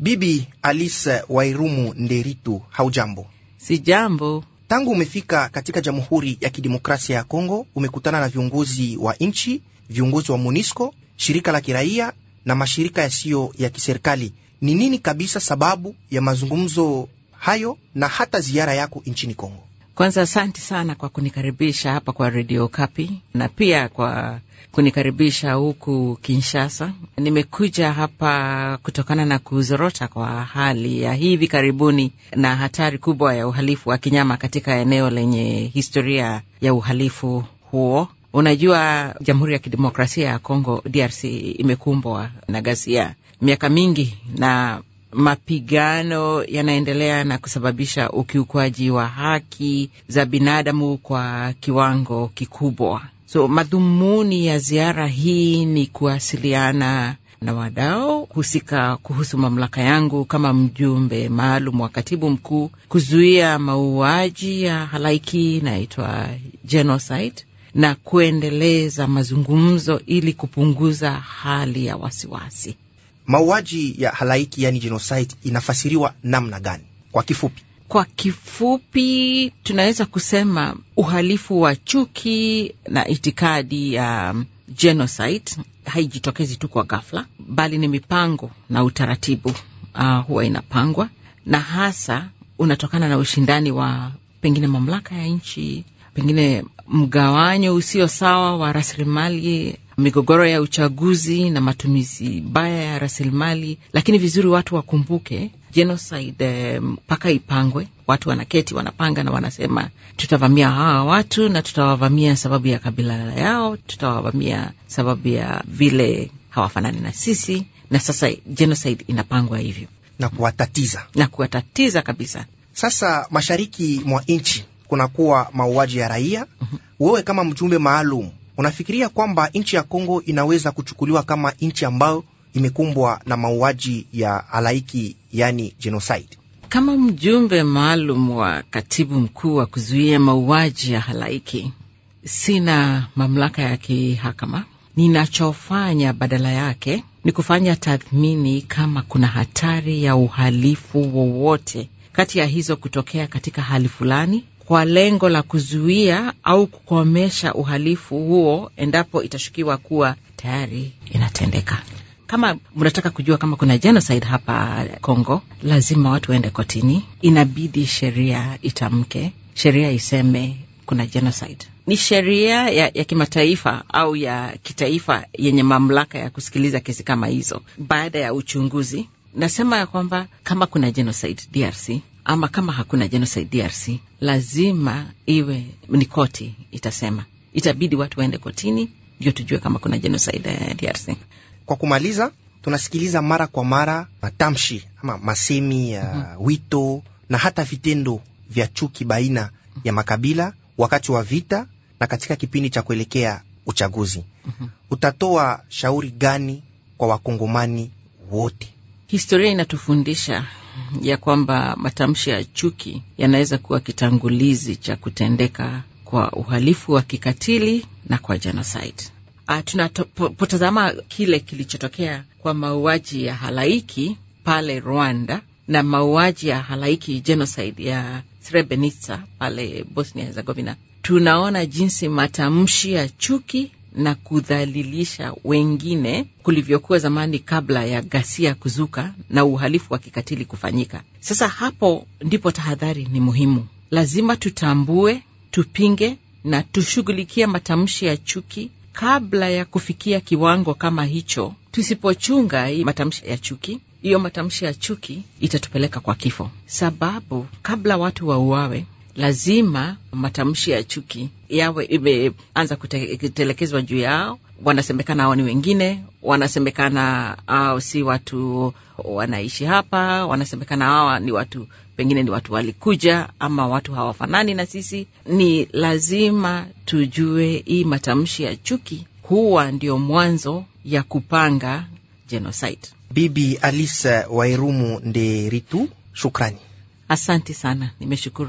Bibi Alice Wairumu Nderitu, haujambo? Si jambo. Tangu umefika katika Jamhuri ya Kidemokrasia ya Kongo, umekutana na viongozi wa nchi, viongozi wa MONUSCO, shirika la kiraia na mashirika yasiyo ya kiserikali. Ni nini kabisa sababu ya mazungumzo hayo na hata ziara yako nchini Kongo? Kwanza asante sana kwa kunikaribisha hapa kwa redio Kapi na pia kwa kunikaribisha huku Kinshasa. Nimekuja hapa kutokana na kuzorota kwa hali ya hivi karibuni na hatari kubwa ya uhalifu wa kinyama katika eneo lenye historia ya uhalifu huo. Unajua, Jamhuri ya Kidemokrasia ya Kongo, DRC, imekumbwa na ghasia miaka mingi, na mapigano yanaendelea na kusababisha ukiukwaji wa haki za binadamu kwa kiwango kikubwa. So madhumuni ya ziara hii ni kuwasiliana na wadau husika kuhusu mamlaka yangu kama mjumbe maalum wa katibu mkuu kuzuia mauaji ya halaiki inaitwa genocide, na kuendeleza mazungumzo ili kupunguza hali ya wasiwasi mauaji ya halaiki yani genocide inafasiriwa namna gani? Kwa kifupi, kwa kifupi tunaweza kusema uhalifu wa chuki na itikadi ya um, genocide haijitokezi tu kwa ghafla, bali ni mipango na utaratibu uh, huwa inapangwa na hasa unatokana na ushindani wa pengine mamlaka ya nchi, pengine mgawanyo usio sawa wa rasilimali migogoro ya uchaguzi na matumizi baya ya rasilimali, lakini vizuri watu wakumbuke genocide eh, mpaka um, ipangwe. Watu wanaketi wanapanga na wanasema tutavamia hawa watu na tutawavamia sababu ya kabila yao, tutawavamia sababu ya vile hawafanani na sisi, na sasa genocide inapangwa hivyo na kuwatatiza na kuwatatiza kabisa. Sasa mashariki mwa nchi kunakuwa mauaji ya raia. Mhm. Wewe kama mjumbe maalum unafikiria kwamba nchi ya Kongo inaweza kuchukuliwa kama nchi ambayo imekumbwa na mauaji ya halaiki, yani genocide? Kama mjumbe maalum wa katibu mkuu wa kuzuia mauaji ya halaiki, sina mamlaka ya kihakama. Ninachofanya badala yake ni kufanya tathmini kama kuna hatari ya uhalifu wowote kati ya hizo kutokea katika hali fulani kwa lengo la kuzuia au kukomesha uhalifu huo endapo itashukiwa kuwa tayari inatendeka. Kama mnataka kujua kama kuna genocide hapa congo lazima watu waende kotini, inabidi sheria itamke, sheria iseme kuna genocide. Ni sheria ya, ya kimataifa au ya kitaifa yenye mamlaka ya kusikiliza kesi kama hizo baada ya uchunguzi. Nasema ya kwamba kama kuna genocide DRC ama kama hakuna genocide DRC lazima iwe ni koti itasema, itabidi watu waende kotini ndio tujue kama kuna genocide ya DRC. Kwa kumaliza, tunasikiliza mara kwa mara matamshi ama masemi ya uh, wito na hata vitendo vya chuki baina ya makabila wakati wa vita na katika kipindi cha kuelekea uchaguzi. Mhm. Utatoa shauri gani kwa wakongomani wote? Historia inatufundisha ya kwamba matamshi ya chuki yanaweza kuwa kitangulizi cha kutendeka kwa uhalifu wa kikatili na kwa genocide. Ah, Tunapotazama kile kilichotokea kwa mauaji ya halaiki pale Rwanda na mauaji ya halaiki genocide ya Srebrenica pale Bosnia Herzegovina, tunaona jinsi matamshi ya chuki na kudhalilisha wengine kulivyokuwa zamani kabla ya ghasia kuzuka na uhalifu wa kikatili kufanyika. Sasa hapo ndipo tahadhari ni muhimu. Lazima tutambue, tupinge na tushughulikie matamshi ya chuki kabla ya kufikia kiwango kama hicho. Tusipochunga hii matamshi ya chuki, hiyo matamshi ya chuki itatupeleka kwa kifo, sababu kabla watu wauawe lazima matamshi ya chuki yawe imeanza kutelekezwa juu yao. Wanasemekana hao ni wengine, wanasemekana hao si watu wanaishi hapa, wanasemekana hawa ni watu pengine ni watu walikuja, ama watu hawafanani na sisi. Ni lazima tujue hii matamshi ya chuki huwa ndio mwanzo ya kupanga genocide. Bibi Alisa Wairumu Nderitu, shukrani, asante sana, nimeshukuru.